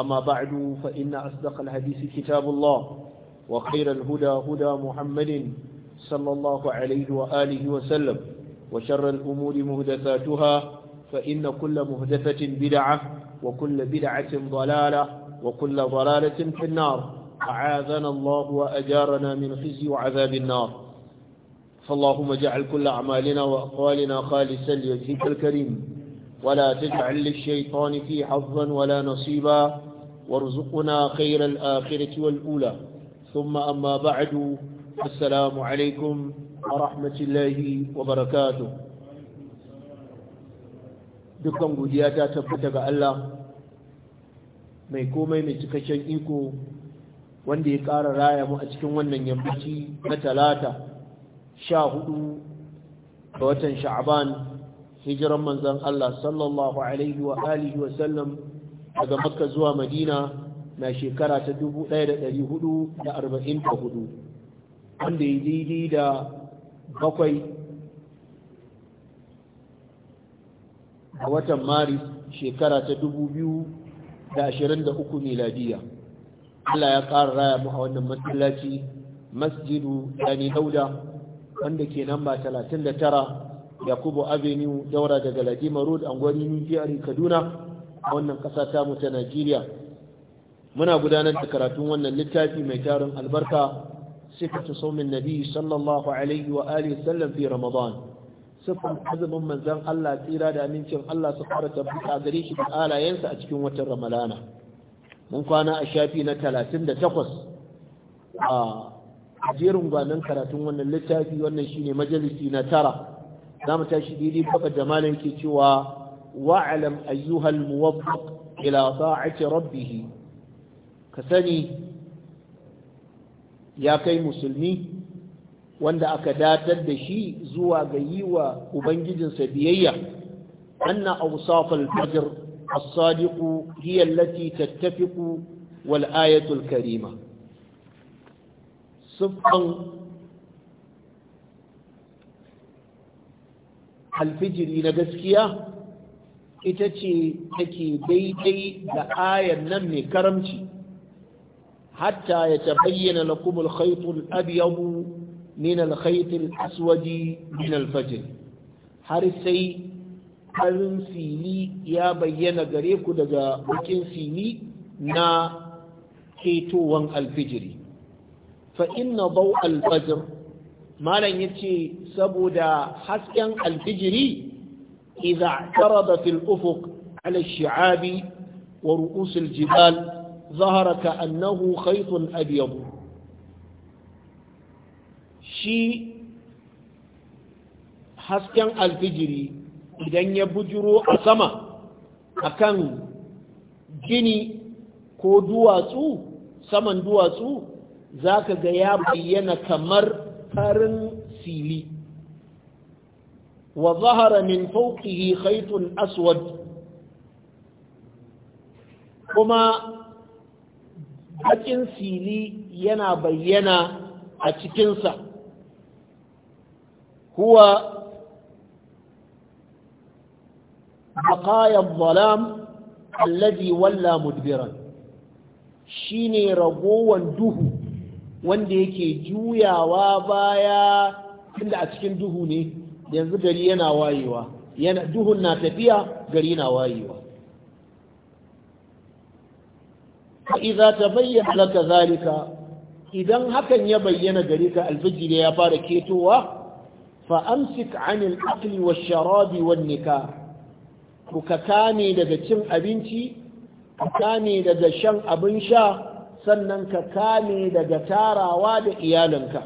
أما بعد فإن أصدق الحديث كتاب الله وخير الهدى هدى محمد صلى الله عليه وآله وسلم وشر الأمور مهدثاتها فإن كل مهدثة بدعة وكل بدعة ضلالة وكل ضلالة في النار أعاذنا الله وأجارنا من خزي وعذاب النار فاللهم اجعل كل أعمالنا وأقوالنا خالصا لوجهك الكريم ولا تجعل للشيطان في حظا ولا نصيبا وارزقنا خير الآخرة والأولى ثم أما بعد السلام عليكم ورحمة الله وبركاته dukkan godiya ta tabbata ga Allah mai komai mai cikakken iko wanda ya ƙara raya mu a cikin wannan yammaci na talata sha hudu ga watan sha'aban hijiran manzan Allah sallallahu alaihi wa alihi wa sallam daga makka zuwa madina na shekara ta 1444 wanda ya daidai da bakwai a watan maris shekara ta 2023 miladiya Allah ya ƙara raya mu a wannan masallaci masjidu yani dauda wanda ke namba tara. yakubu avenue daura daga ladima road angwani jihar kaduna a wannan ƙasa tamu ta najeriya muna gudanar da karatun wannan littafi mai tarin albarka sifatu saumin nabi sallallahu alaihi wa alihi sallam fi ramadan sifan azumin manzon Allah tsira da amincin Allah su fara tabbata gare shi da alayensa a cikin watan ramadana mun kwana a shafi na 38 a jerin gwanon karatun wannan littafi wannan shine majalisi na tara za mu tashi daidai faɗa da malam ke cewa wa'alam ayyuhal muwaffaq ila ta'ati rabbih ka sani ya kai musulmi wanda aka datar da shi zuwa ga yi wa ubangijinsa biyayya anna awsaf al-fajr as-sadiq hiya allati tattafiqu wal ayatul karima siffan alfijiri na gaskiya ita ce take daidai da ayan nan mai karamci hatta ya ta bayyana al-khayt ne abyad min al-khayt min har sai farin fili ya bayyana gare ku daga bakin fili na ketowar alfijiri fa inna bau al malam ya ce saboda hasken alfijiri idza tarada fil ufuq shi'abi wa ru'usul jibal zahara ka annahu khaytun abyad shi hasken alfijiri idan ya bujuro a sama akan gini ko duwatsu saman duwatsu zaka ga ya bayyana kamar farin sili, wa zahara min fawqihi khaytun aswad kuma bakin sili yana bayyana a cikinsa huwa بقايا الظلام الذي ولى مدبرا shine ragowan duhu wanda yake juyawa baya tunda a cikin duhu ne yanzu gari yana wayewa yana duhun na tafiya gari na wayewa ta bayyana laka zalika idan hakan ya bayyana gare ka alfijir ya fara ketowa fa amsik anil akli wash sharabi wan ku ka kame daga cin abinci ka kame daga shan abin sha sannan ka kame daga tarawa da iyalinka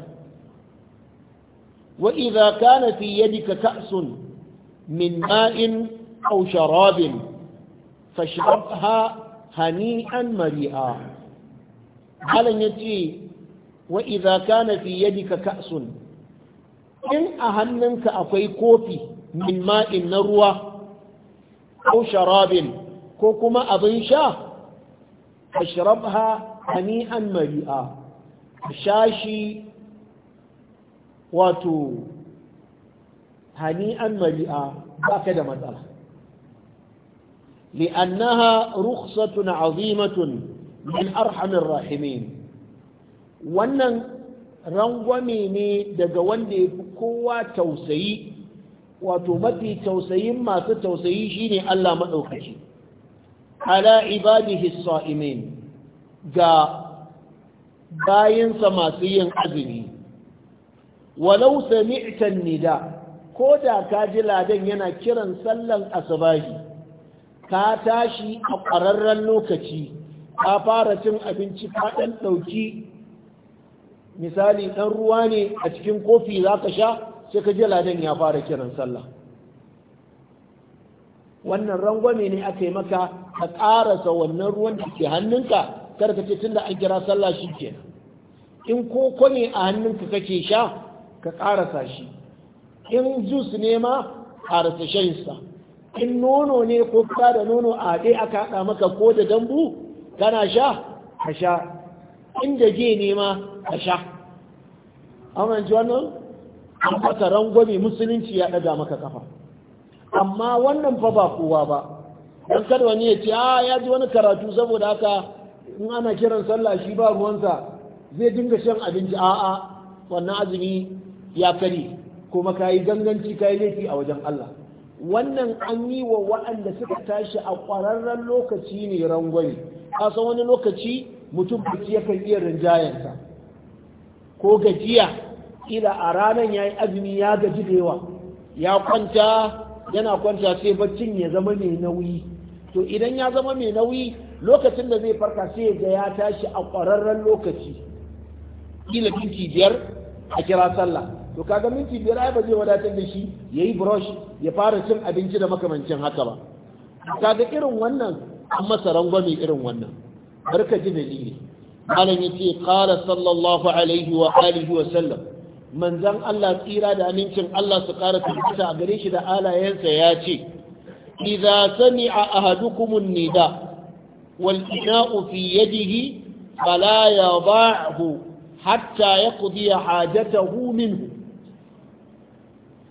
wa idza kana fi yadika ka'sun min ma'in aw sharabin fashrabha hani'an mari'a halan yace wa idza kana fi yadika ka'sun in a hannunka akwai kofi min ma'in na ruwa aw sharabin ko kuma abin sha fashrabha hani'an mari'a shashi wato mari'a ba ka da matsala li'annaha rukhsatun azimatun min arhamir rahimin wannan rangwame ne daga wanda ya kowa tausayi wato mafi tausayin masu tausayi shine Allah maɗaukaki ala ibadihi sa'imin ga bayansa masu yin azumi walau sami'ta nida ko da ka ji ladan yana kiran sallan asubahi ka tashi a ƙwararren lokaci ka fara cin abinci ka ɗan ɗauki misali ɗan ruwa ne a cikin kofi za ka sha sai ka ji ladan ya fara kiran sallah wannan rangwame ne aka yi maka ka ƙarasa wannan ruwan da ke hannunka kar ka ce da an kira sallah shi ke in ko ne a hannunka kake sha ka karasa shi in jus ne ma karasa shayinsa in nono ne ko ka da nono a haɗe aka haɗa maka ko da dambu kana sha ka sha in da je ne ma ka sha amma ji wannan an fata rangwame musulunci ya ɗaga maka kafa amma wannan fa ba kowa ba don kada wani ya ce a ah, ya ji wani karatu saboda haka in ana kiran sallah shi ba ruwansa zai dinga shan abinci a'a wannan azumi ya kare kuma ka yi ganganci ka yi laifi a wajen Allah wannan an yi wa waɗanda suka tashi a ƙwararren lokaci ne rangwani. a san wani lokaci mutum biki yakan iya rinjayensa ko gajiya ila a ranar ya yi azumi ya gaji da yawa ya kwanta yana kwanta sai baccin ya zama mai nauyi to idan ya zama mai nauyi lokacin da zai farka sai ya ga ya tashi a ƙwararren lokaci gina minti biyar a kira sallah to kaga minti biyar ai ba zai wadatar da shi yayi brush ya fara cin abinci da makamancin haka ba kaga irin wannan an masa rangwame irin wannan barka ji dalili malam yace qala sallallahu alaihi wa alihi wa sallam manzon Allah tsira da amincin Allah su ƙara tabbata a gare shi da alayensa ya ce idza sami'a ahadukum nida والإناء في يده فلا يضعه حتى يقضي حاجته منه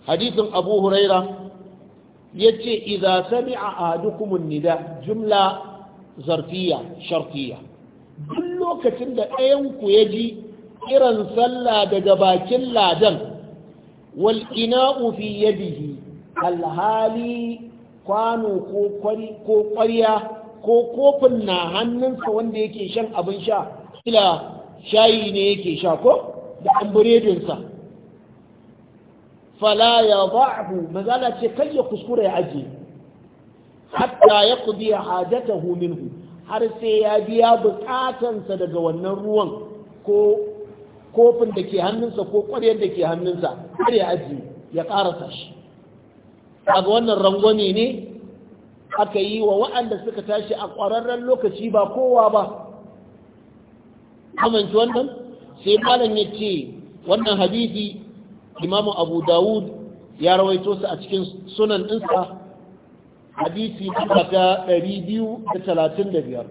حديث أبو هريرة يتي إذا سمع أهدكم النداء جملة zarfiya sharfiya duk lokacin da ɗayanku ya ji irin sallah daga bakin ladan wal ina'u fi yadihi alhali kwano ko ƙwarya ko kofin na hannunsa wanda yake shan abin sha ila shayi ne yake sha ko da an buredinsa fala ya ba'ahu mazala ce kai ya kuskura ya ajiye hatta ya kudi hajatahu minhu har sai ya biya bukatansa daga wannan ruwan ko kofin da ke hannunsa ko ƙwaryar da ke hannunsa har ya ajiye ya ƙarasa shi daga wannan rangwame ne aka yi wa waɗanda suka tashi a ƙwararren lokaci ba kowa ba amince wannan sai malam ya ce wannan hadisi imamu abu dawud ya rawaito su a cikin sunan ɗinsa hadisi ta ɗari biyu da talatin da biyar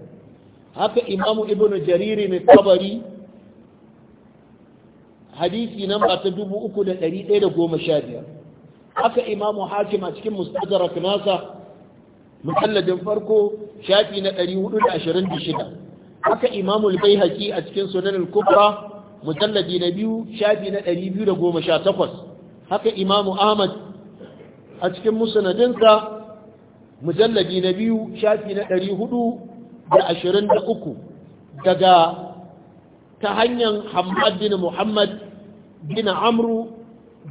haka imamu ibn jariri mai tabari hadisi nan ba ta dubu uku da ɗari ɗaya da goma sha biyar haka imamu hakim a cikin mustadrak nasa Muhalladin farko shafi na 426 haka imamul baihaqi a cikin sunan al-kubra mujalladi na biyu shafi na 218 haka imamu ahmad a cikin musnadinsa mujalladi na biyu shafi na 423 daga ta hanyar hamad bin muhammad bin amru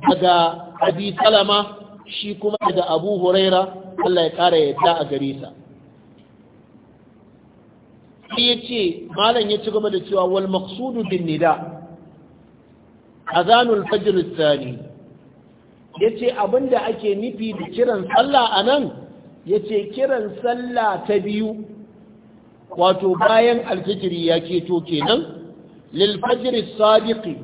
daga abi salama shi kuma daga abu huraira Allah ya ƙara yadda a gare sa sai ya ce malam ya ci gaba da cewa wal maksudu bin nida azanul fajr tsani ya ce abinda ake nufi da kiran sallah a nan ya ce kiran sallah ta biyu wato bayan alfijiri ya keto kenan lil fajr sadiqi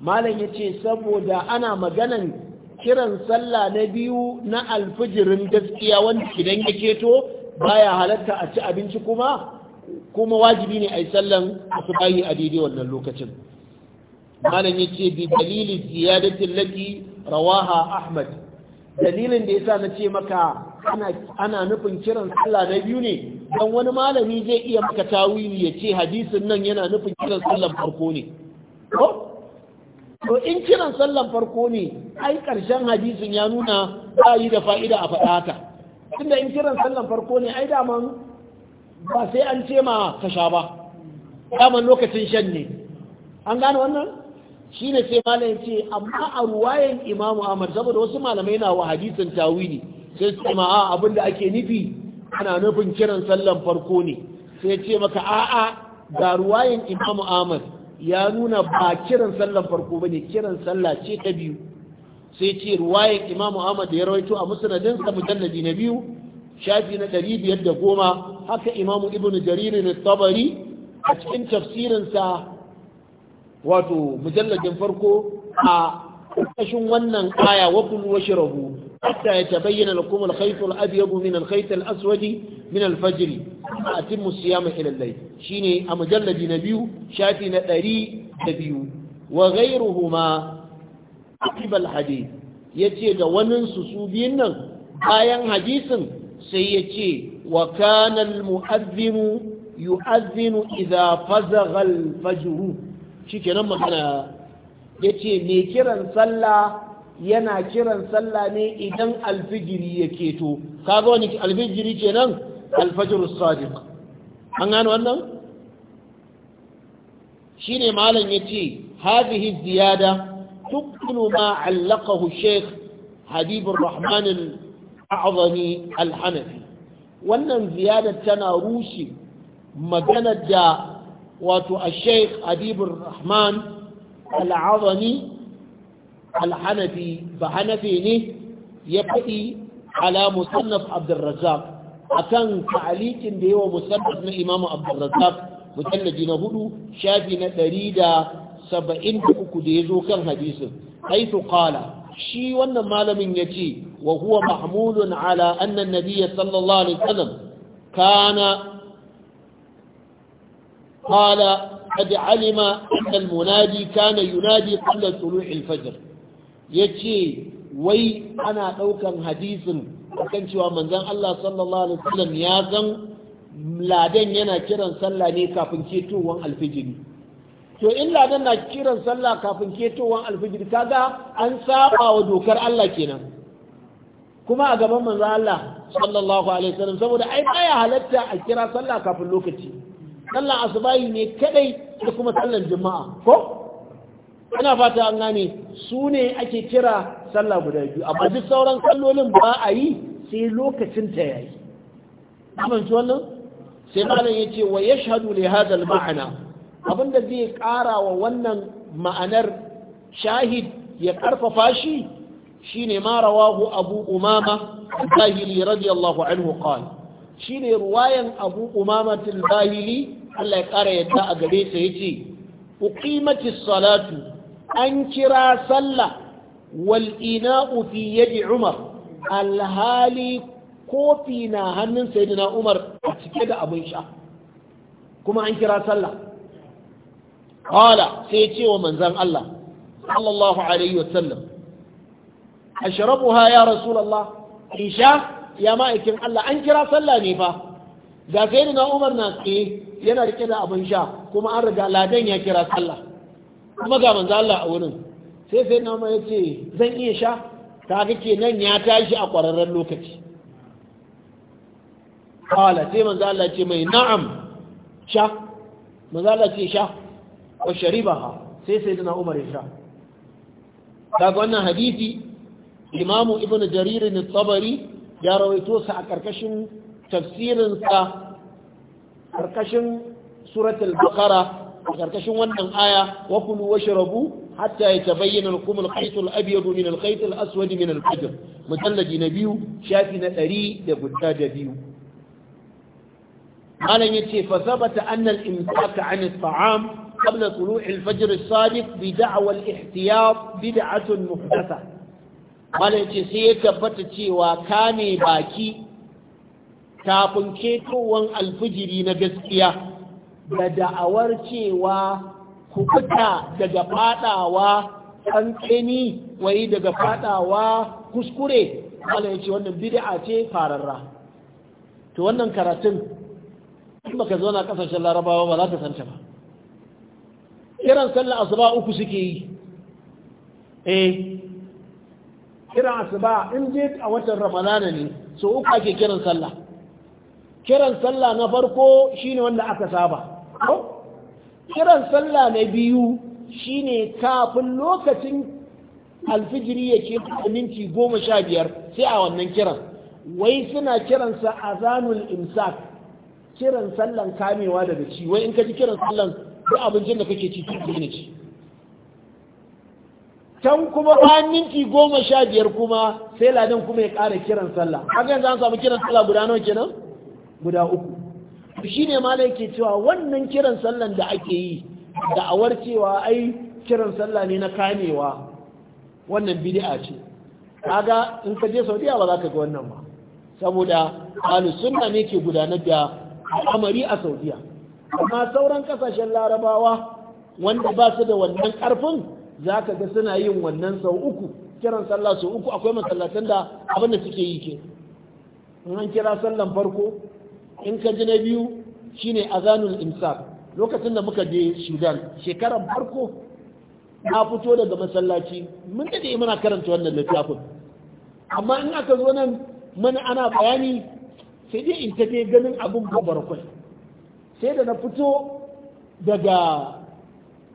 malam ya ce saboda ana maganan kiran sallah na biyu na alfijirin gaskiya wanda idan ya keto baya halatta a ci abinci kuma kuma wajibi ne a yi sallan su bayi a daidai wannan lokacin malam ce bi dalilin ziyadatin laki rawaha ahmad dalilin da yasa na ce maka ana nufin kiran sallah na biyu ne Don wani malami zai iya maka tawili ya ce hadisin nan yana nufin kiran sallan farko ne to in kiran sallan farko ne ai karshen hadisin ya nuna ba yi da fa'ida a faɗata tunda in kiran sallan farko ne ai daman ba sai an ce ma kasha ba daman lokacin shan ne an gane wannan shi ne sai malam ce amma a ruwayen imamu amur saboda wasu malamai na wa hadisin ne sai su ma a abin da ake nufi ana nufin kiran sallan farko ne sai ce maka a'a ga ruwayen imamu ahmad ya nuna ba kiran sallar farko bane kiran sallah ce ta biyu sai ce ruwayan Imam Ahmad ya rawaito a musnadin sa mujalladi na biyu shafi na biyar da goma. haka Imam Ibn Jarir al-Tabari a cikin tafsirin sa wato mujalladin farko a ƙarƙashin wannan aya wa kullu washrabu حتى يتبين لكم الخيط الأبيض من الخيط الأسود من الفجر ثم أتم الصيام إلى الليل شيني أمجلد نبيو شاتي نتري نبيو وغيرهما عقب الحديث yace da waninsu su biyun nan bayan hadisin sai ya ce wa kanal mu'azzinu yu'azzinu idza fazagha al-fajr magana yace mai kiran sallah yana kiran sallah ne idan alfijiri ya keto kaga wani alfijiri kenan alfajrus sadiq an gano wannan shine malam yace hadhihi ziyada تبطل ما علقه الشيخ حبيب الرحمن الأعظمي الحنفي wannan ziyarar tana rushe maganar da wato a sheikh adibur rahman al'azami alhanafi ba hanafi ne ya faɗi ala musannaf abdurrazzaq akan ta'alikin da yawa musannaf na imam abdurrazzaq mutallaji na hudu shafi na ɗari da saba'in da uku da ya zo kan hadisin haitu kala shi wannan malamin ya ce wa huwa mahmulun ala annan nabiyya sallallahu alaihi wasallam kana kala قد علم أن المنادي كان ينادي قبل طلوع الفجر ya ce wai ana ɗaukan hadisin akan cewa manzan Allah sallallahu alaihi wasallam ya zan ladan yana kiran sallah ne kafin ketowar alfijiri to in ladan na kiran sallah kafin ketowar alfijiri kaga an saba wa dokar Allah kenan kuma a gaban manzan Allah sallallahu alaihi wasallam saboda ai baya halatta a kira sallah kafin lokaci Sallar asubahi ne kadai da kuma sallan juma'a ko ina fata an gane su ne ake kira sallah guda biyu amma duk sauran kallolin ba a yi sai lokacin ta yayi amince wannan sai malam yace wa ya li ne hadal ma'ana abinda zai ƙara wa wannan ma'anar shahid ya karfafa shi shine ma rawahu abu umama al-bahili radiyallahu anhu shine ruwayan abu umama al-bahili Allah ya ƙara yadda a gare sa yace uqimatis salatu an kira sallah wal ina'u fi yadi umar alhali kofi na hannun sayyidina umar a cike da abin sha kuma an kira sallah qala sai ya ce wa manzon Allah sallallahu alaihi wasallam ashrabuha ya rasulullah isha ya ma'aikin Allah an kira sallah ne fa ga sayyidina umar na tsaye yana rike da abin sha kuma an riga ladan ya kira sallah kuma ga manzo Allah a wurin sai sai na ma yace zan iya sha Ta kaga kenan ya tashi a ƙwararren lokaci qala sai manzo Allah ce mai na'am sha manzo Allah ce sha wa sharibaha sai sai na Umar ya sha ga wannan hadisi imamu ibn jarir al-tabari ya rawaito sa a karkashin tafsirin sa karkashin suratul baqara a karkashin wannan aya wa kulu washrabu hatta yatabayyana lakum al-khayt al-abyad min al-khayt al-aswad min al-fajr mutallaji na biyu shafi na 102 malan yace fa sabata anna al-imsak 'an at-ta'am qabla tulu'i al-fajr as-sadiq bi da'wa al-ihtiyat bid'atun muhdatha malan yace sai ya tabbata cewa kame baki kafin ketowan alfijiri na gaskiya da da'awar cewa ku fita daga fadawa tsantseni wai daga fadawa kuskure Allah ya ce wannan bid'a ce fararra to wannan karatun in baka zo na kasashen larabawa ba za ka ta ba kiran sallar asuba uku suke yi eh kiran asuba in je a watan ramadana ne so uku ake kiran sallah kiran sallah na farko shine wanda aka saba kiran sallah na biyu shine kafin lokacin alfijiri ya ce da minti goma sha biyar sai a wannan kiran wai suna kiransa zanul imsak kiran sallan kamewa daga ci wai in ka ji kiran sallan duk abincin da kake ci tun ne ci can kuma bayan minti goma sha biyar kuma sai ladan kuma ya ƙara kiran sallah haka yanzu an samu kiran sallah guda nawa kenan guda uku shi ne ma yake cewa wannan kiran sallan da ake yi da a cewa ai kiran sallah ne na kamewa wannan bid'a ce kaga in ka je saudiya ba za ka ga wannan ba saboda ahlus sunna ne ke gudanar da amari a saudiya amma sauran kasashen larabawa wanda ba su da wannan karfin za ka ga suna yin wannan sau uku kiran sallah sau uku akwai masallatan da abin da suke yi ke in an kira sallan farko in ka ji na biyu shine azanul imsak lokacin da muka je sudan shekarar farko na fito daga masallaci mun dade muna karanta wannan littafin amma in aka zo nan mana ana bayani sai dai in tafi ganin abin gabar kwai sai da na fito daga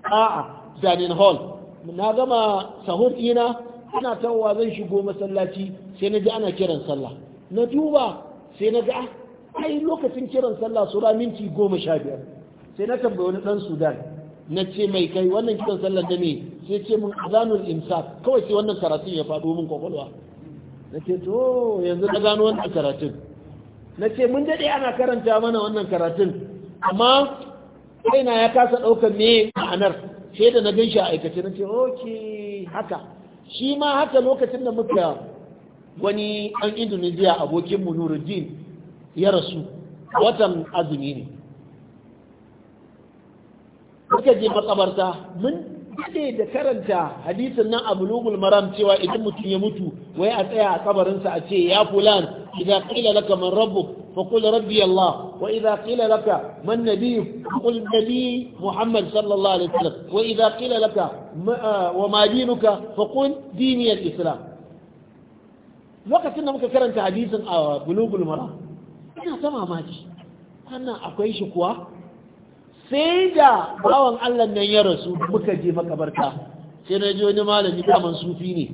a'a zanen hall na gama sahur ina ana tawa zan shigo masallaci sai na ji ana kiran sallah na duba sai na ga ah, ai lokacin kiran sallah sura minti goma sha biyar sai na tambayi wani dan sudan na ce mai kai wannan kiran sallah da ne sai ce mun azanul imsak kawai sai wannan karatun ya faɗo min kwakwalwa na ce to yanzu na gano wannan karatun na ce mun daɗe ana karanta mana wannan karatun amma kaina ya kasa ɗaukar ne ma'anar sai da na ganshi a aikace na ce ok haka shi ma haka lokacin da muka wani an indonesiya abokinmu nuruddin ya rasu watan azumi ne muka je matsabarta mun daɗe da karanta hadisin nan a bulugul maram cewa idan mutum ya mutu wai a tsaya a kabarinsa a ce ya fulan idan qila laka man rabbuk fa qul rabbi allah idan qila laka man nabiyyuk qul muhammad sallallahu alaihi wa idan qila laka wa ma dinuka fa qul dini islam lokacin da muka karanta hadisin a bulugul ina ta mamaki wannan akwai shi kuwa sai da bawan Allah nan ya rasu muka je makabarta sai na ji wani malami kaman sufi ne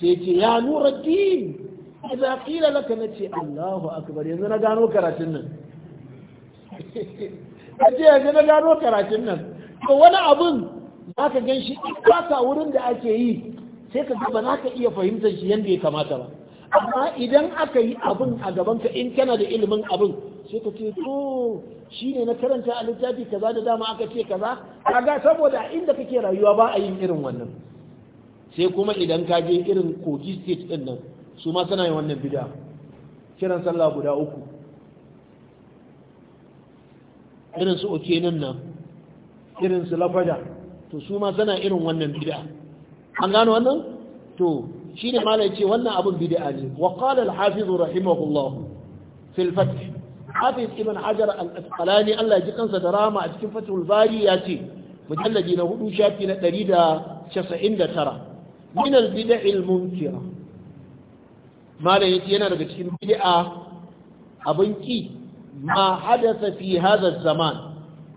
sai ce ya nuruddin idza qila laka ce Allahu akbar yanzu na gano karatun nan A ce yanzu na gano karatun nan to wani abun zaka ganshi in ka wurin da ake yi sai ka ga za ka iya fahimtar shi yadda ya kamata ba amma idan aka yi abin a gabanka in kana da ilimin abin sai ka ce to shi ne na karanta a littafi kaza da dama aka ce kaza kaga saboda inda kake rayuwa ba a yin irin wannan sai kuma idan ka je irin kogi state din nan su ma suna yin wannan bida kiran sallah guda uku irin su oke nan nan irin su lafada to su ma suna irin wannan bida an gano wannan to shine malai ce wannan abun bid'a ne wa qala al-hafiz rahimahullah fath hafiz ibn hajar al-asqalani Allah ya ji kansa da rama a cikin fathul bari ya ce Mujallaji na hudu shafi na 199 min al-bid'a al-munkira malai yace yana daga cikin bid'a abin ki ma hadatha fi hadha zaman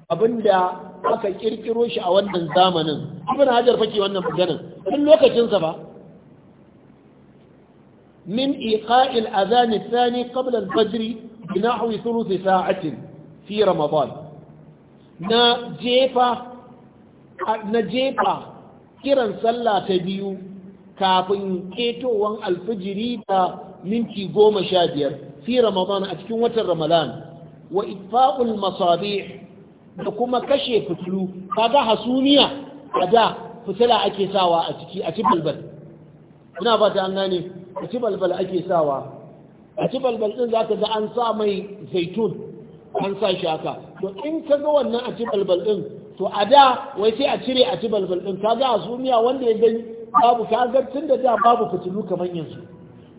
abinda aka kirkiro shi a wannan zamanin ibn hajar fake wannan maganar tun lokacin sa ba من إيقاع الأذان الثاني قبل الفجر بنحو ثلث ساعة في رمضان نجيبا نجيبا كيران صلى تبيو كافن كيتو وان الفجري minti goma sha biyar fi ramadan a cikin watan ramadan wa itfa'ul masabih da kuma kashe fitilu kaga hasumiya a da fitila ake sawa a ciki cikin balbal ina an gane a ci balbal ake sawa a ci balbal din zaka ga an sa mai zaitun an sa shi haka to in ka ga wannan a ci balbal din to a da wai sai a cire a ci balbal din kaga a sumiya wanda ya gani babu kaga tun da da babu fitilu kamar yanzu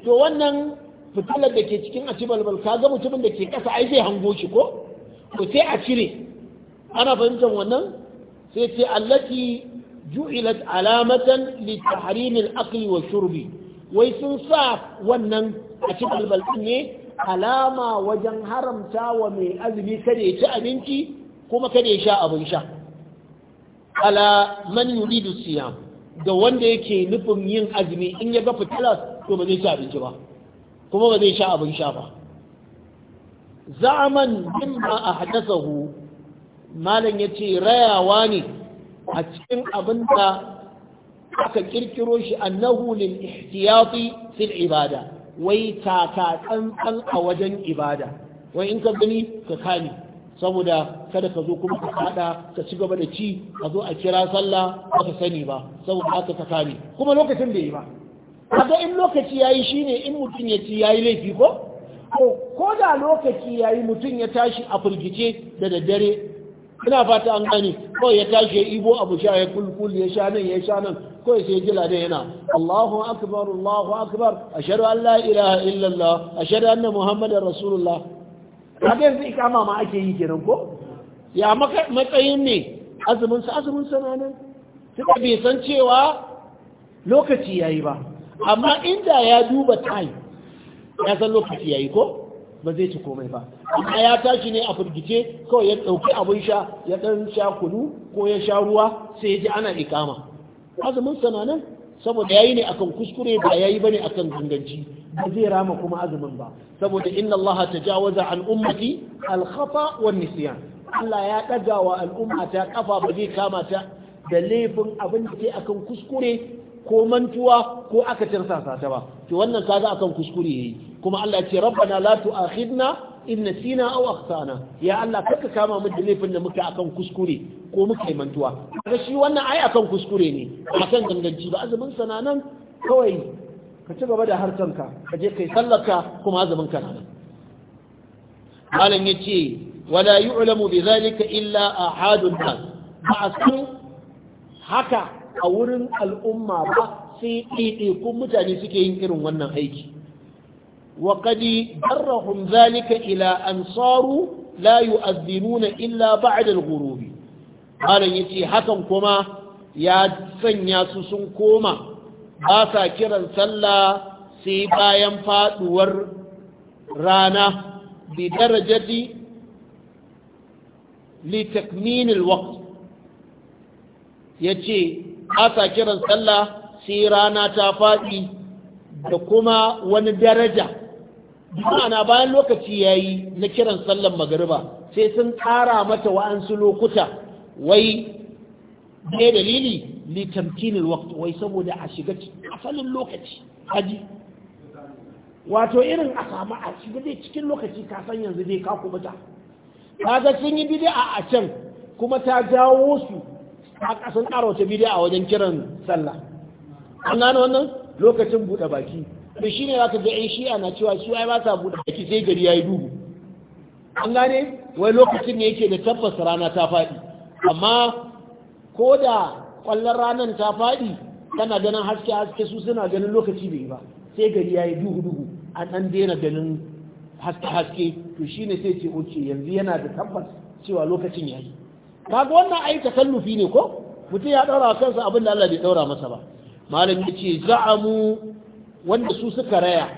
to wannan fitilar da ke cikin a ci balbal kaga mutumin da ke kasa ai zai hango shi ko to sai a cire ana fahimtar wannan sai ce allati ju'ilat alamatan li tahrimil akli wa shurbi wai sun sa wannan a cikin albalɗin ne alama wajen haramta wa mai azumi kada ya ci abinci kuma kada ya sha abin sha ala man yuridu siyam ga wanda yake nufin yin azumi in ya ga fitila to ba zai ci abinci ba kuma ba zai sha abin sha ba za'aman haddasa hu, malam yace rayawa ne a cikin abinda aka kirkiro shi annahu lil ihtiyati fil ibada wai taka tsantsan a wajen ibada wai in ka gani ka saboda kada ka zo kuma ka kada ka ci gaba da ci a zo a kira sallah ka sani ba saboda haka ka kani. kuma lokacin da yi ba kaga in lokaci yayi shine in mutum ya ci yayi laifi ko ko da lokaci yayi mutum ya tashi a firgice da daddare ina fata an gani kawai ya tashi ya ibo abu sha ya kulkul ya sha nan ya sha nan kawai sai jila da yana Allahu akbar Allahu akbar ashhadu an la ilaha illallah ashhadu anna muhammadar rasulullah kaga yanzu ikama ma ake yi kenan ko ya matsayin ne azumin sa azumin sa nan suka bai san cewa lokaci yayi ba amma inda ya duba time ya san lokaci yayi ko ba zai ci komai ba amma ya tashi ne a firgice kawai ya ɗauki abin sha ya ɗan sha kunu ko ya sha ruwa sai ya ji ana ikama azumin sa nan saboda yayi ne akan kuskure ba yayi bane akan ganganci ba zai rama kuma azumin ba saboda inna Allah tajawaza an ummati al khata wan nisyan Allah ya daga wa al'ummata kafa ba zai kama ta da laifin abin da ke akan kuskure ko mantuwa ko aka tirsasa ta ba to wannan kaga akan kuskure yayi kuma Allah ya ce rabbana la tu'akhidna in nasina aw akhtana ya Allah kaka kama mu da laifin da muka akan kuskure ko muka yi mantuwa kaga shi wannan ai akan kuskure ne a kan ganganci ba azumin sana nan kawai ka ci gaba da harkanka ka je kai sallarka kuma azumin ka nan malam yace wala yu'lamu bi zalika illa ahadun ba san haka a wurin al'umma ba sai kun mutane suke yin irin wannan aiki وقد جرهم ذلك إلى أن صاروا لا يؤذنون إلا بعد الغروب قال يتي حكم كما يا سنيا سسن كما باسا كرا سلا سيبا ينفا دور رانا بدرجة لتكمين الوقت يتي باسا كرا سلا سيرانا تافاتي da kuma wani daraja ma'ana bayan lokaci ya yi na kiran sallan magariba sai sun ƙara mata wa'ansu lokuta wai ne dalili tamkinin waktu wai saboda a shiga asalin lokaci haji wato irin a samu a shiga dai cikin lokaci kasan yanzu dai ka kubuta ga sun yi bidiya a can kuma ta jawo su a ƙasan ƙarauta bidiya a wajen kiran sallah an gano wannan lokacin buɗe baki to shi ne za ga 'yan shi'a na cewa shi ai ba sa buɗe baki sai gari ya yi duhu an gane wai lokacin ne yake da tabbas rana ta faɗi amma ko da kwallon ranar ta faɗi tana ganin haske haske su suna ganin lokaci bai ba sai gari ya yi duhu duhu an dan daina ganin haske haske to shi ne sai ce oke yanzu yana da tabbas cewa lokacin ya yi kaga wannan ai takallufi ne ko mutum ya ɗaura kansa abin da Allah bai daura masa ba malam yace ce za'amu wanda su suka raya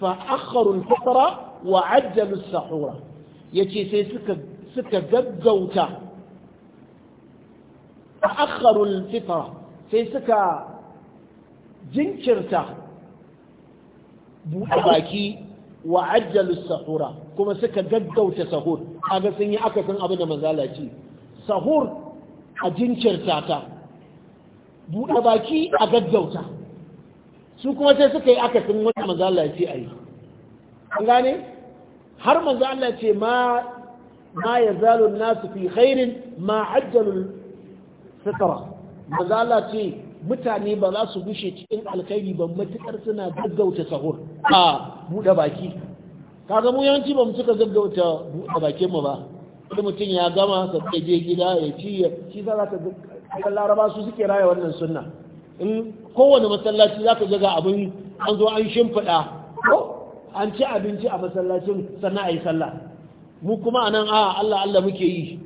fa'akharun fitara wa ajjalus sahura ya ce sai suka gaggauta Fa fa'akharun fitra, sai suka jinkirta buɗe baki wa ajjalus sahura kuma suka gaggauta sahur kaga sun yi akasin abin da manzala ce sahur a jinkirta ta buɗe baki a gaggauta su kuma sai suka yi akasin wanda maza Allah ya ce yi an gane har maza Allah ce ma ya zalun nasu fi hairin ma ajalun fitra maza Allah ce mutane ba za su gushe cikin alkhairi ba matukar suna gaggauta sahur a buɗe baki kaga mu yawanci ba mu suka gaggauta buɗe bakin mu ba wani mutum ya gama ka je gida ya ci ya ci za ka kan laraba su suke raya wannan sunna in kowane masallaci za ka ga abin an zo an shimfiɗa ko an ci abinci a masallacin sannan a yi sallah mu kuma a nan a Allah Allah muke yi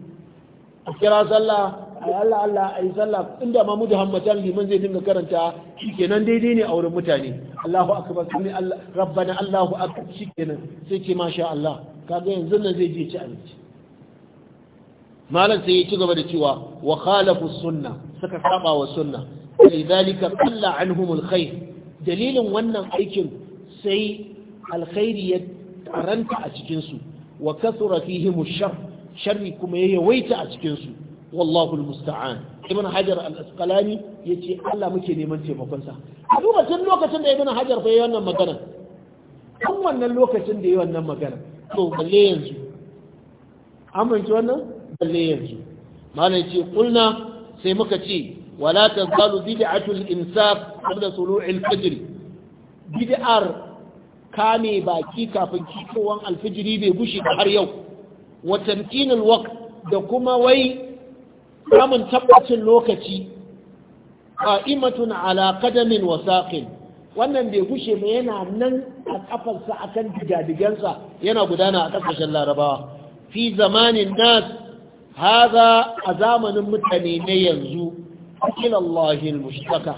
a kira sallah a yi Allah Allah a yi sallah inda ma mudu hammatan liman zai dinga karanta shikenan daidai ne a wurin mutane Allahu akbar sami Allah rabbana Allahu akbar shikenan sai ce masha Allah kaga yanzu nan zai je ci abinci malam sai ya ci gaba da cewa wa khalafu sunna suka saba wa sunna lidhalika qalla anhum alkhair dalilin wannan aikin sai alkhairi ya taranta a cikin su wa kathura fihim ash-shar sharri kuma ya yawaita a cikin su wallahu almusta'an ibn hajar al-asqalani yace Allah muke neman taimakon sa a duba tun lokacin da ibn hajar fa yayi wannan magana kan wannan lokacin da yayi wannan magana to balle yanzu Amince wannan balle yanzu malai ce kulna sai muka ce wala zalu bid'atul insaf qabla sulu'il fajr bid'ar kame baki kafin kitowan alfajiri bai gushi har yau wa tamkinul waqt da kuma wai samun tabbacin lokaci qa'imatun ala qadamin wa saqin wannan bai gushe ba yana nan a ƙafarsa akan digadigansa yana gudana a kasashen larabawa fi zamanin nas haza a zamanin mutane ne yanzu ila Allahil mushtaka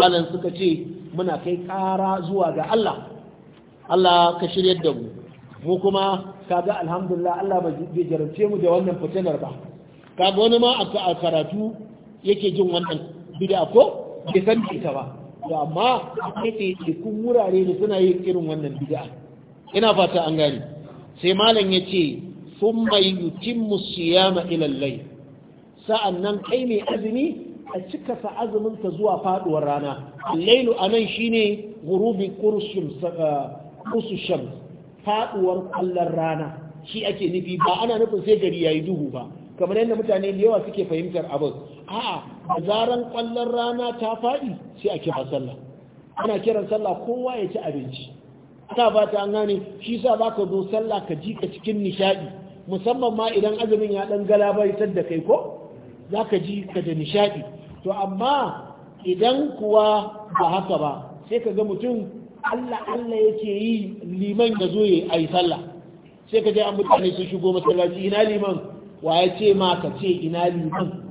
wannan suka ce muna kai ƙara zuwa ga Allah Allah ka shiryar da mu mu kuma kaga alhamdulillah Allah bai jarabce mu da wannan fitinar ba kaga wani ma a karatu yake jin wannan bid'a ko bai san ita ba to amma yake kun wurare da suna yin irin wannan bid'a ina fata an gane sai malam yace thumma yutimmu siyama ma ilallai. layl nan kai mai azumi a cika sa azumin ka zuwa faduwar rana al a nan shine ghurubi qurshum faɗuwar ƙwallon faduwar kallon rana shi ake nufi ba ana nufin sai gari yayi duhu ba kamar yadda mutane da yawa suke fahimtar abin a'a a zaran kwallon rana ta faɗi sai a kira sallah ana kiran sallah kowa ya ci abinci ta ba ta gane shi sa za ka zo sallah ka ji ka cikin nishaɗi musamman ma idan azumin ya ɗan galabaitar da kai ko za ka ji ka da nishaɗi to amma idan kuwa ba haka ba sai ka ga mutum Allah Allah yake yi liman da zo ya yi sallah sai ka je an mutane sun shigo masallaci ina liman wa ya ce ma ka ce ina liman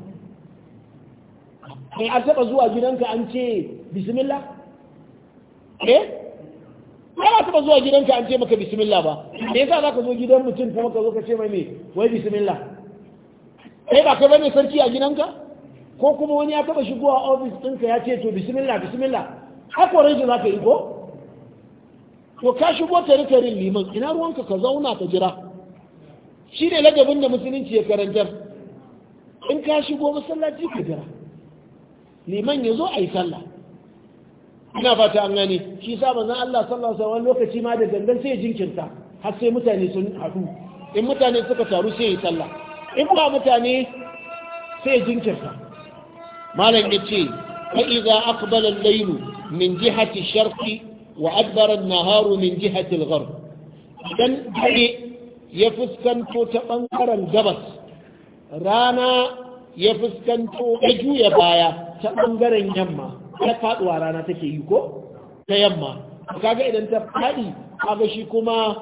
kai an taɓa zuwa gidanka an ce bismillah eh ba za ka zuwa gidanka an ce maka bismillah ba me yasa za ka zo gidan mutum kuma ka zo ka ce mai me wai bismillah kai ba kai bane sarki a gidanka ko kuma wani ya taba shigowa office ɗinka ya ce to bismillah bismillah haka rai za ka yi ko to ka shigo tare tare liman ina ruwanka ka zauna ka jira shi ne lagabin da musulunci ya karantar in ka shigo masallaci ka jira liman ya zo a yi sallah ina fata an gani shi sa manzon Allah sallallahu alaihi wasallam lokaci ma da dangan sai jinkirta har sai mutane sun haɗu in mutane suka taru sai yi sallah in ba mutane sai jinkirta malam yace fa idza aqbala al-layl min jihati ash-sharqi wa adbara an-nahar min jihati al-gharb idan dare ya fuskanto ta bangaren gabas rana ya fuskanto ya juya baya ta bangaren yamma ta faduwa rana take yi ko ta yamma kaga idan ta fadi kaga shi kuma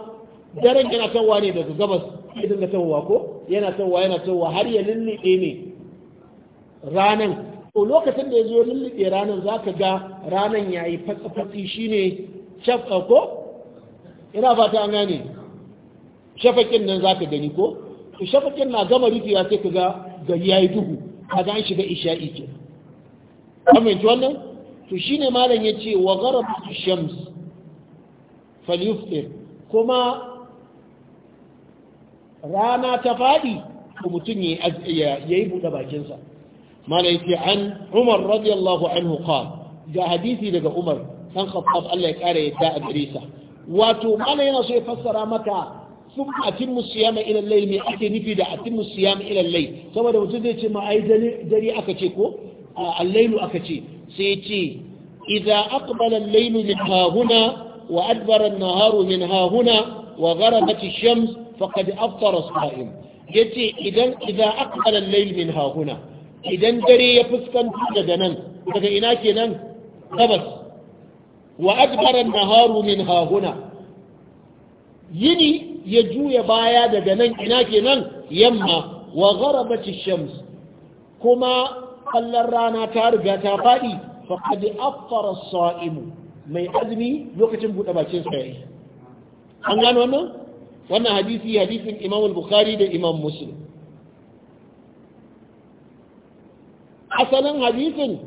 daren yana tawwa ne daga gabas ya dinga tawwa ko yana tawwa yana tawwa har ya lullube ne ranan to lokacin da ya zo lullube ranan zaka ga ranan yayi fatsafatsi shine shaf uh, ko ina fata an gane shafakin nan zaka gani ko to shafakin na gama rufewa sai kaga gari yayi duhu kaga an shiga isha'i ke amince wannan to ne malam ce wa gharabat shams falyuftir kuma rana ta faɗi ko mutum ya yi buɗe bakinsa. malam ce an Umar radiyallahu anhu qala ga hadisi daga Umar dan Khattab Allah ya kare yadda a gare sa wato malam yana so ya fassara maka sun atimmu siyama ila layl me ake nufi da atimmu siyama ila layl saboda mutum zai ce ma ai dare aka ce ko a lailu aka ce sai ce idza aqbala al-laylu min hahuna wa adbara an-naharu min hahuna wa gharabat ash-shams faqad aftara as-sa'im yace idan idza aqbala al-layl min hahuna idan dare ya fuskanci daga nan daga ina kenan gabas wa adbara an-naharu min hahuna yini ya juya baya daga nan ina kenan yamma wa gharabat ash-shams kuma kallon rana ta riga ta faɗi faƙad afara sa'imu mai azumi lokacin buɗe bakin sa yayi an gano wannan wannan hadisi hadisin Imam bukhari da Imam Muslim asalin hadisin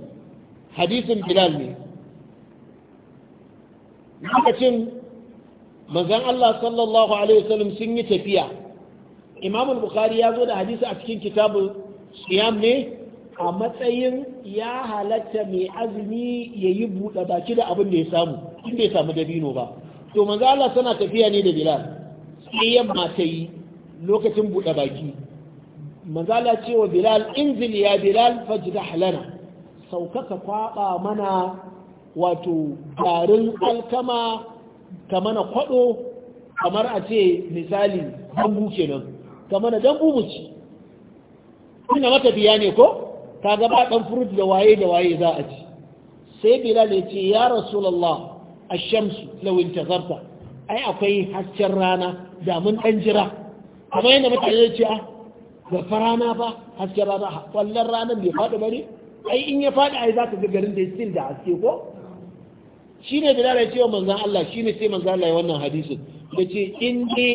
hadisin Bilal ne lokacin manzon Allah sallallahu alaihi wasallam sun yi tafiya Imam bukhari ya zo da hadisi a cikin kitabu Siyam ne a matsayin ya halatta mai azumi ya yi buɗe baki da abin da ya samu in bai samu dabino ba to manzo Allah tafiya ne da Bilal sai yamma ta yi lokacin buɗe baki manzo Allah ce wa Bilal inzil ya Bilal fajdah lana saukaka kwaba mana wato garin alkama ka mana kwado kamar a ce misali dambu kenan ka mana dambu mu ci ina matafiya ne ko ga ba dan furut da waye da waye za a ci sai bilal ya ce ya rasulallah a shamsu law intazarta ai akwai hasken rana da mun ɗan jira amma yana mutane ce a ah, ba farana ba hasken rana kwallon ranar bai faɗi bane ai in ya faɗi ai za ka ga garin da still da haske ko ne bilal ya ce wa manzon Allah ne sai manzon Allah ya wannan hadisin ce in dai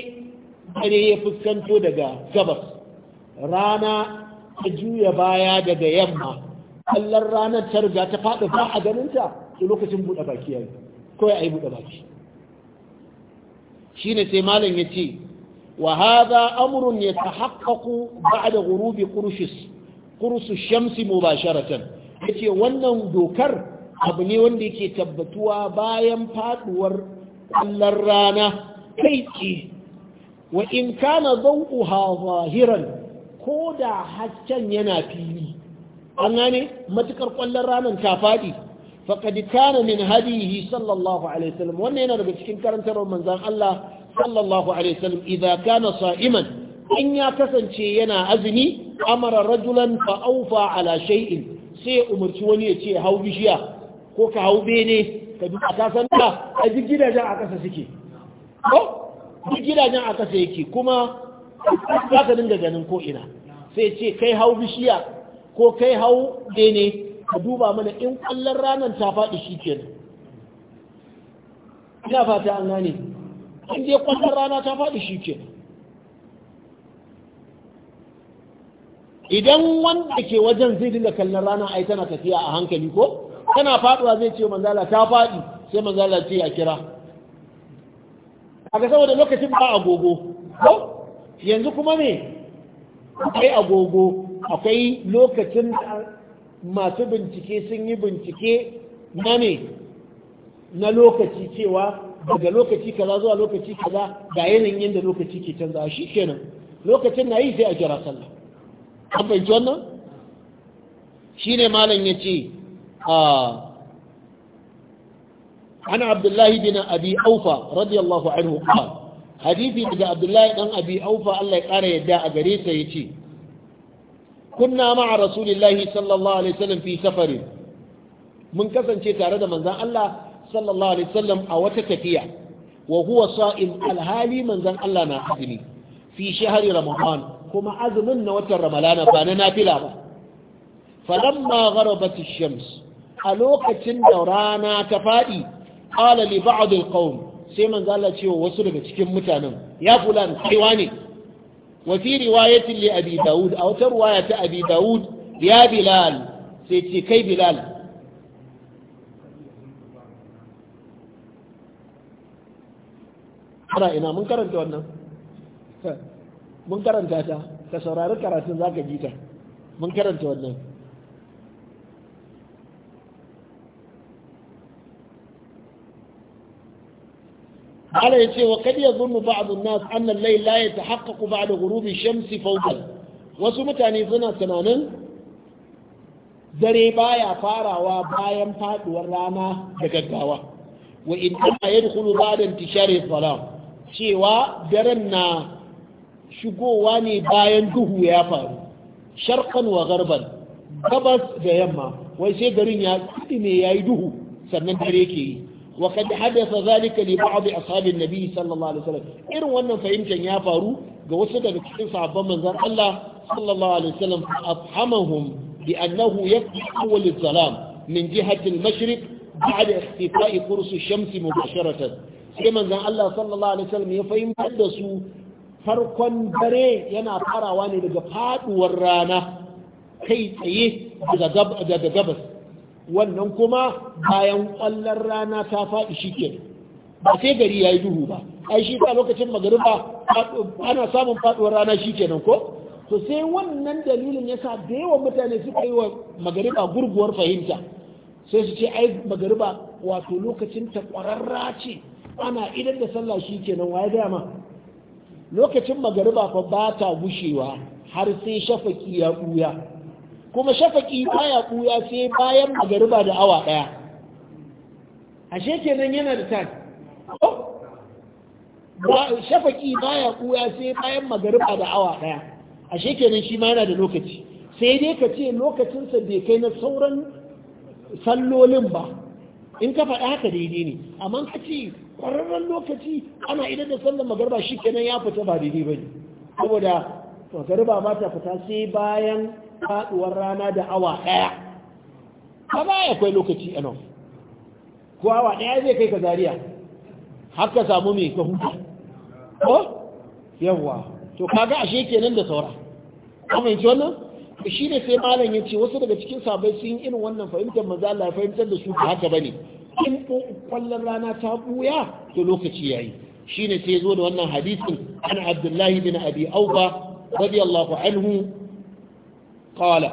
dare ya fuskanto daga gabas rana ta juya baya daga yamma kallon ranar ta riga ta faɗi ba a ganinta to lokacin buɗe baki yayi kawai a yi buɗe baki shine sai malam ya ce wa hadha amrun yatahaqqaqu ba'da ghurubi qurshis qursu shamsi mubasharatan yace wannan dokar abu ne wanda yake tabbatuwa bayan faduwar kallon rana kai ce wa in kana dawuha zahiran ko da haccen yana fili an gane matukar kwallon ranar ta faɗi faƙadi kana min hadihi sallallahu alaihi wasallam wannan yana daga cikin karantarwar manzan Allah sallallahu alaihi wasallam idan kana sa'iman in ya kasance yana azumi amara rajulan fa aufa ala shay'in sai umarci wani ya ce hau bishiya ko ka hau bene ka bi a da a duk gidajen a kasa suke ko duk gidajen a kasa yake kuma za ka dinga ganin ko ina sai ce kai hau bishiya ko kai hau dene ka duba mana in kallon ranar ta faɗi shi ke ina fata an gane in je kwallon rana ta faɗi shi ke idan wanda ke wajen zai dinga kallon rana ai tana tafiya a hankali ko tana faɗuwa zai ce manzala ta faɗi sai manzala ce a kira a ga saboda lokacin ba agogo yanzu kuma me akwai agogo akwai lokacin da masu bincike sun yi bincike na ne na lokaci cewa daga lokaci kaza zuwa lokaci kaza ga yanayin yadda lokaci ke canza shi kenan lokacin na yi sai a jira sallah an fahimci wannan shi ne malam ya ce ah, Ana Abdullahi bin بن aufa radiyallahu anhu الله hadisi daga abdullahi dan abi aufa Allah ya kara yadda a gare sa yace kunna ma'a rasulillahi sallallahu alaihi wasallam fi safarin mun kasance tare da manzon Allah sallallahu alaihi wasallam a wata tafiya wa huwa sa'im alhali manzon Allah na azumi fi shahri ramadan kuma azumin na watan ramalana ba na nafila ba falamma gharabat ash-shams a lokacin da rana ta fadi qala li ba'd al-qawm sai manzo Allah cewa wasu daga cikin mutanen ya fulan kaiwa ne wa fi riwayati li abi daud a ta riwaya ta abi daud ya bilal sai ce kai bilal ara ina mun karanta wannan mun karanta ta ka saurari karatun zaka ji ta mun karanta wannan Allah ya ce wa kad yazunnu ba'd an-nas anna al-layl la yatahaqqaqu ba'da ghurubi shamsi fawqan wasu mutane suna tunanin dare baya farawa bayan faduwar rana da gaggawa wa in kana yadkhulu ba'da intishari as-salam cewa daren na shigowa ne bayan duhu ya faru sharqan wa gharban gabas da yamma wai sai garin ya tsidi ne yayi duhu sannan dare ke yi wa kad hadatha zalika li ba'd ashabin nabi sallallahu alaihi wasallam irin wannan fahimtar ya faru ga wasu daga cikin sahabban manzon Allah sallallahu alaihi wasallam afhamahum bi annahu yaqdi awwal salam min jihati al-mashriq ba'da ikhtifai qurs ash-shams mubasharatan sai manzon Allah sallallahu alaihi wasallam ya fahimtar da su farkon dare yana farawa ne daga faduwar rana kai tsaye daga gabas wannan kuma bayan ƙwallon rana ta faɗi shi ke ba sai gari ya yi duhu ba ai shi ba lokacin magariba ana samun faɗuwar rana shi kenan ko to sai wannan dalilin ya sa da yawan mutane suka yi wa magariba gurguwar fahimta sai su ce ai magariba wato lokacin ta ƙwararra ce ana idan da sallah shi nan waye dama lokacin magariba fa ba ta gushewa har sai shafaki ya ɓuya kuma shafaki baya ɓuya sai bayan magariba da awa ɗaya ashe nan yana da time shafaki baya ɓuya sai bayan magariba da awa ɗaya ashe nan shi ma yana da lokaci sai dai ka ce lokacinsa bai kai na sauran sallolin ba in ka faɗa haka daidai ne amma ka ce ƙwararren lokaci ana idan da sallar magariba shi kenan ya fita ba daidai ba ne saboda magariba ba ta fita sai bayan faduwar rana da awa daya ba ba kai lokaci a ko awa daya zai kai ka zariya har ka samu mai ka huta ko yawa. to kaga ashe kenan da saura kuma yanzu wannan shi ne sai malam ya ce wasu daga cikin sabai sun yi irin wannan fahimtar maza Allah ya fahimtar da su ba haka bane in kwallon rana ta buya to lokaci yayi shine sai zo da wannan hadisin an Abdullahi bin Abi Auba رضي الله عنه قال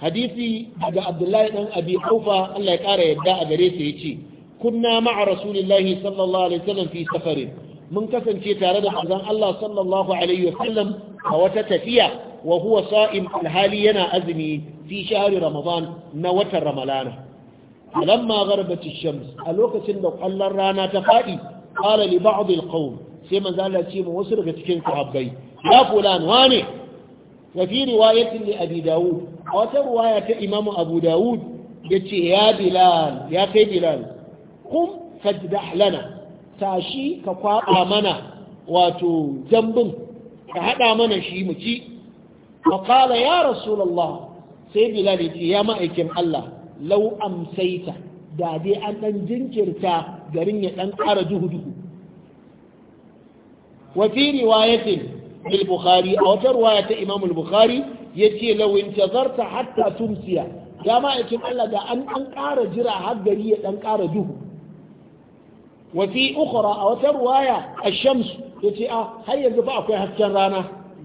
حديثي عبد عبد الله بن أبي حوفة الله يقارى يدعى جريسي يتي كنا مع رسول الله صلى الله عليه وسلم في سفر من كسن شيء تارد حزان الله صلى الله عليه وسلم وتتفيا وهو صائم الحالي ينا أزمي في شهر رمضان نوة رملانه فلما غربت الشمس الوقت ان قال الرانا تفادي قال لبعض القوم سيما زال تيم وسرق تكين صحابي ya fulan wane wa riwayatin li abi a wata riwaya ta imamu abu ya yace ya bilal ya kai bilal kum fajdah lana tashi ka kwaba mana wato jambin ka haɗa mana shi mu ci fa ya rasulullah sai bilal yace ya ma'aikin Allah Lau amsaita da dai an jinkirta garin ya ɗan ƙara duhu duhu wa fi riwayatin al-bukhari a wata ruwaya ta imam al-bukhari yace law intazarta hatta tumsiya ya ma'aikin Allah da an an ƙara jira har gari ya ɗan ƙara duhu wafi ukura a wata ruwaya a shams yace a ah, har yanzu ba akwai hasken rana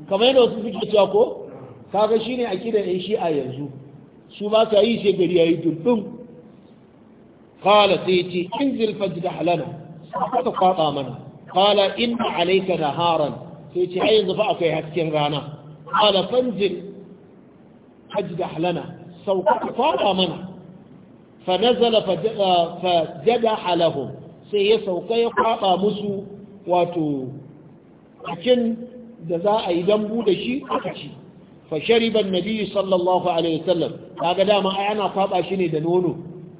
kamar yadda wasu suke cewa ko kaga shine akidan ɗin a yanzu su ba sa yi sai gari yayi dubbin قال in انزل فاجدح لنا فقط قاطع منا قال إن عليك نهارا sai ce ai yanzu fa akwai hasken rana ala fanzil hajdah halana, sauka ka fara mana fa nazala fa jada halahum sai ya sauka ya kwaba musu wato akin da za a yi dambu da shi aka ci fa shariban nabi sallallahu alaihi wasallam kaga dama ai ana kwaɓa shi ne da nono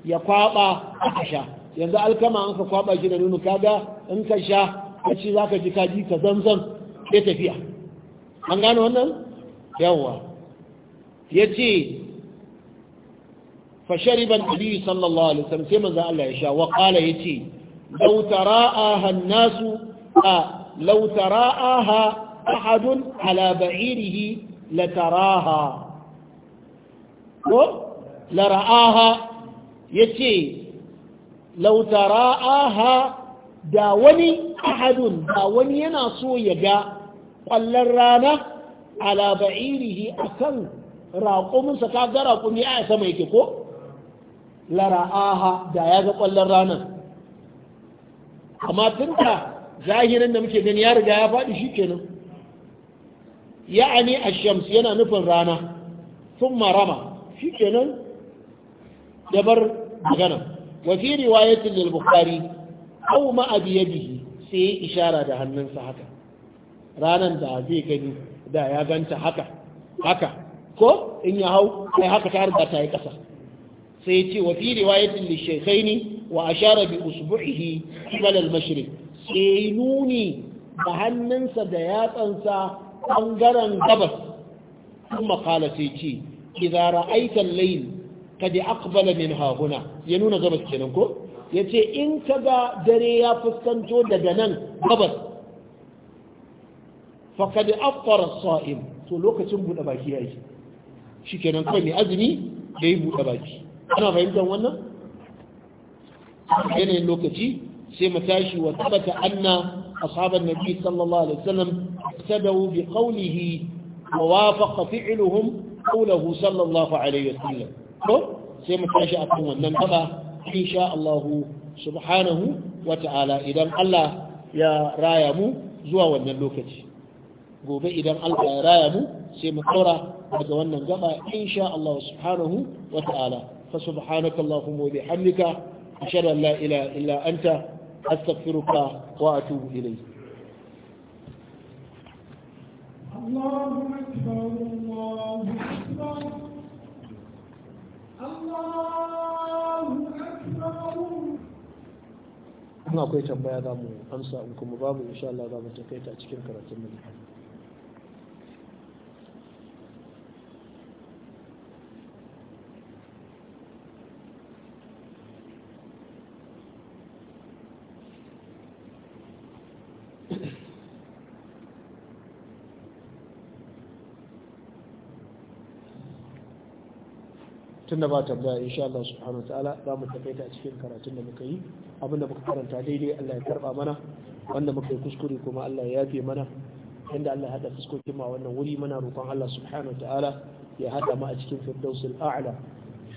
ya kwaɓa aka sha yanzu alkama an ka kwaɓa shi da nono kaga in ka sha ka ci zaka ji ji, ka zanzan sai tafiya an gano wannan yawwa ya ce fashariban aliyu sallallahu alaihi wasallam sai manzan Allah ya sha wa kala ya ce lautara'aha nasu a ha ahadun ala ba'irihi lataraha ko lara'aha ya ce lautara'aha da wani ahadun da wani yana so ya ga ƙwallon rana ala ba'irihi akan raƙuminsa ta ga raƙumi a sama yake ko lara'aha da ya ga ƙwallon ranar amma tun da zahirin da muke gani ya riga ya faɗi shi kenan ya'ani ashams yana nufin rana sun marama shi kenan da bar magana wafi riwayatin lil au aw ma abiyadihi sai ishara da hannunsa haka Ranar da zai gani da ya ganta haka haka ko in ya hau sai haka ta riga ta yi kasa sai ya ce wa fi riwayatin lishaykhaini wa ashara bi usbu'ihi qibala al-mashriq sai nuni da hannunsa da yatsansa bangaren gabas kuma kala sai ce idza ra'aita al-layl kad aqbala min ha huna ya nuna gabas kenan ko yace in kaga dare ya fuskanto daga nan gabas faqad afṭara as-sa'im to lokacin buɗe baki yayi shikenan kawai mai azumi yayi buɗe baki ana fahimtar wannan yanayin lokaci sai mu tashi wa tabbata anna ashaban nabi sallallahu alaihi wasallam sadau bi qawlihi wa wafaqa fi'luhum qawluhu sallallahu alaihi wasallam ko sai mu tashi akan wannan gaba insha Allah subhanahu wa ta'ala idan Allah ya raya mu zuwa wannan lokaci gobe idan Allah ya raya mu sai mu tsora daga wannan gaba in sha Allah subhanahu wa ta'ala fa subhanaka allahumma wa bihamdika ashhadu an la ilaha illa anta astaghfiruka wa atubu ilayk الله أكبر الله أكبر الله أكبر in akwai tambaya za mu amsa in kuma babu insha Allah za mu tafaita cikin karatun mu tunda ba tambaya insha Allah subhanahu ta'ala za mu a cikin karatun da muka yi abinda muka karanta daidai Allah ya karba mana wanda muka yi kuskure kuma Allah ya yafe mana inda Allah ya hada fuskokin ma wannan wuri muna roƙon Allah subhanahu ta'ala ya hada mu a cikin firdausul a'la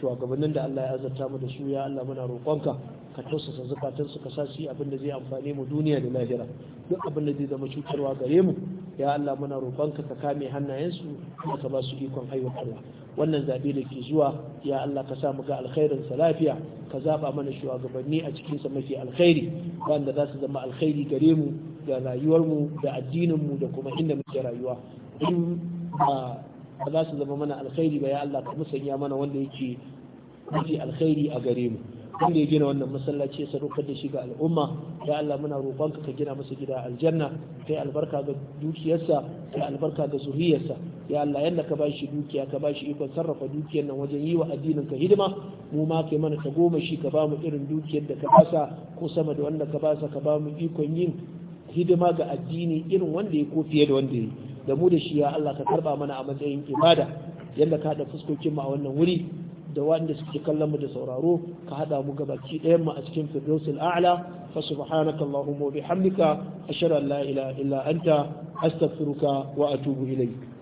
shugabannin da Allah ya azurta mu da su ya Allah muna roƙonka ka tausasa zakatun su ka sa su abin da zai amfane mu duniya da lahira duk abin da zai zama cutarwa gare mu ya Allah muna roƙonka ka kame hannayensu kuma ka ba su ikon aiwatarwa wannan zaɓe da ke zuwa ya Allah ka sa mu ga alkhairin sa lafiya ka zaba mana shugabanni a cikin sa mafi alkhairi wanda za su zama alkhairi gare mu da rayuwar mu da addinin mu da kuma inda muke rayuwa in ba za su zama mana alkhairi ba ya Allah ka musanya mana wanda yake mafi alkhairi a gare mu wanda ya gina wannan masallaci ya sadaukar da shi ga al'umma ya Allah muna roƙonka ka gina masa gida aljanna kai albarka ga dukiyarsa kai albarka ga zuriyarsa ya Allah yanda ka ba shi dukiya ka ba shi ikon sarrafa dukiyar nan wajen yi wa addinin ka hidima mu ma kai mana ta goma shi ka ba mu irin dukiyar da ka basa ko sama da wanda ka basa ka ba mu ikon yin hidima ga addini irin wanda ya ko fiye da wanda ya da mu da shi ya Allah ka karba mana a matsayin ibada yanda ka haɗa fuskokinmu a wannan wuri da wanda suke kallon mu da sauraro ka hada mu gabaki ɗayan mu a cikin firdausul a'la fa subhanaka allahumma wa bihamdika ashhadu an la ilaha illa anta astaghfiruka wa atubu ilayk